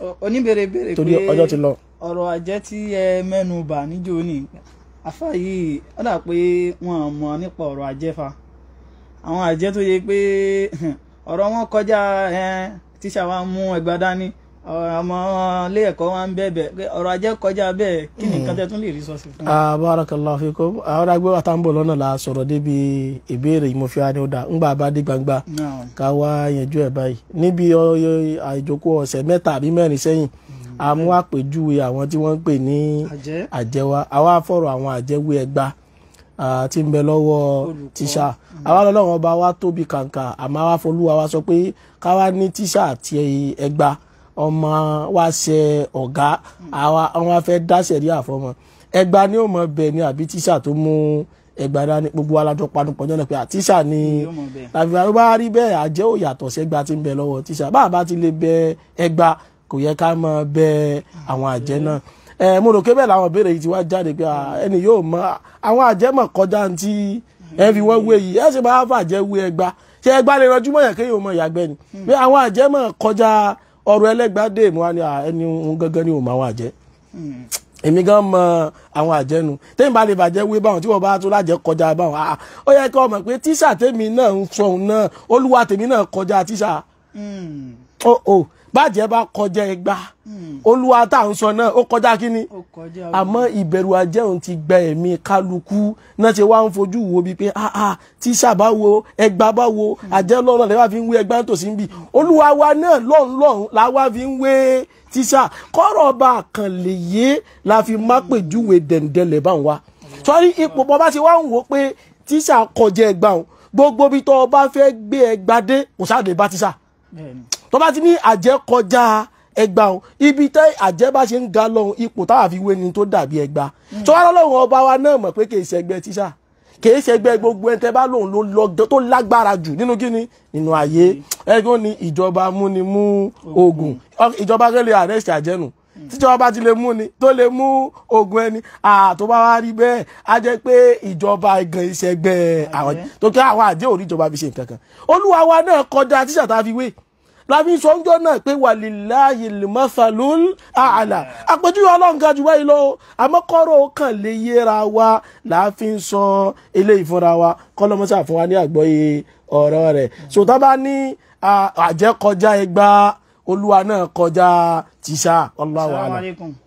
oníbèrè bèrè pé ọ̀rọ̀ àjẹ́ tí ẹ mẹ́nu bà níjó ni àfa yìí ó dà pé wọn ò mọ̀ nípa ọ̀rọ̀ àjẹ́ fa àwọn àjẹ́ tó yẹ pé ọ̀rọ̀ wọn kọjá tíṣà wa mú ẹgbàá dání ọmọ ilé ẹ̀kọ́ wa ń bẹ̀bẹ̀ ọ̀rọ̀ ajé kọjá bẹ́ẹ̀ kí ni nǹkan tẹ́ tún lè rí sọ́sì fún. Ah, barakallahu fikum àwọn wa tá ń bọ̀ la sọ̀rọ̀ débi ìbéèrè yìí ni fi àní ọ̀dà ńgbà bá dé gbangba ká wá yanjú ẹ̀ báyìí níbi àìjókòó ọ̀sẹ̀ mẹ́ta àbí mẹ́rin sẹ́yìn a mú àpèjúwe àwọn tí wọ́n ń pè ní àjẹwà àwa fọ̀rọ̀ àwọn àjẹwé ẹgbàá tí ń bẹ lọ́wọ́ tíṣà àwa mm. lọ́lọ́run ọba wa tóbi kàǹkà àmọ́ àwa folúwa wa sọ pé káwa ní tíṣà àti ẹgbàá ọmọ wa ṣe ọ̀gá àwọn afẹ́ dá sẹ̀ríà fọmọ ẹgba ni ó mọ bẹ ni àbí tíṣà tó mú ẹgba dání gbogbo alájọ panupọ̀ jọ́nà pé àtíṣà ni tàbí ló bá rí bẹ́ẹ̀ àjẹ́ ò yàtọ̀ sẹ́gba tí ń bẹ lọ́wọ́ tíṣà bá a bá ti lè bẹ ẹgba kò yẹ ká mọ bẹ àwọn àjẹ́ náà ẹ mo rò pé bẹ́ẹ̀ làwọn ìbéèrè yìí ti wá jáde pé ẹni yóò mọ àwọn àjẹ́ mọ̀ kọjá ti ẹ fi wọ́n wé yìí ẹ sì máa fàjẹ́ wé ẹgba ṣé ẹgba lè rọjú mọ̀yàn kéèyàn mọ̀ ìyàgbẹ́ ni hmm. pé àwọn àjẹ́ mọ̀ kọjá ọ̀rọ̀ ẹlẹ́gbàdé mu wa ni ẹni òun gangan ni òun máa wà jẹ́ èmi gan mọ àwọn àjẹnu tẹ́mi bá lè bàjẹ́ wé báwọn tí wọ́n bá tó lájẹ́ kọjá báwọn ó yẹ kí wọ́n mọ̀ pé tíṣà tèmi náà ń sọ̀hún náà olúwa tèmi náà kọjá tíṣà. Hmm. Oh, oh bàjẹ́ bá kọjá igba hmm. olúwa tá à ń sọ náà ó kọjá kínní àmọ́ ìbẹ̀rù ajẹ́ òun ti gba ẹ̀mí kálukú náà ṣe wá ń fojú wo bíi pé ah, ah, tíṣà bá wo ẹgbà bá wo hmm. ajẹ́ lọ́rùn lẹ́wà fi ń wé ẹgbà tòsí ń bì olúwa wa náà lọ́rùn lọ́rùn làwa fi ń wé tíṣà kọ́rọ̀ bá a la fi má hmm. pèjúwe dẹ̀ndẹ̀lẹ̀ bá ń wa sọ́rí ipò bọ́ bá ṣe wá ń wò pé tíṣà kọjá ẹgbà gbogbo bí tọ́ ọ fẹ́ gbé ẹgbà dé kò sáà lè bá tíṣà tó bá ti ní àjẹ́ kọjá ẹgbà o ibi tẹ àjẹ́ bá ṣe ń ga lọ́hùn ipò táwa fi wé ni tó dàbí ẹgbà tó wá lọ́wọ́ ọba wa náà mọ̀ pé kì í ṣẹgbẹ́ tíṣà kì í ṣẹgbẹ́ gbogbo ẹni tẹ bá lòun ló lọ tó lágbára jù nínú kíni nínú ayé hmm. ẹgbẹ́ ni ìjọba múnimú ogun ìjọba kẹ́lẹ́ àrẹ́sì àjẹnù hmm. tíjọba bá ti lè mú ni tó lè mú ogun ẹni àtó bá wá rí bẹ́ẹ̀ á jẹ́ pé ìjọba gan ìṣẹ́gbẹ́ àwọn tó kí àwọn àjẹ́ òrí ìjọba fi ṣe nǹkan kan olúwa wa náà kọjá tíṣà tá a fi wé láfi sọ́njọ́ náà pé wàlíláyé lèmọ́sàlùl àlà àpèjúwe ọlọ́run ga jù báyìí lọ àmọ́ kọ́rọ̀ kàn lè yéra wa láfi sọ eléyìí fúnra wa kọ́lọ́mọ́sà fún wa ní àgbọ́yé ọ̀rọ̀ rẹ̀ sòtá bá ní àjẹkọjá ẹgbàá olúwa náà kọjá tìṣà Allahu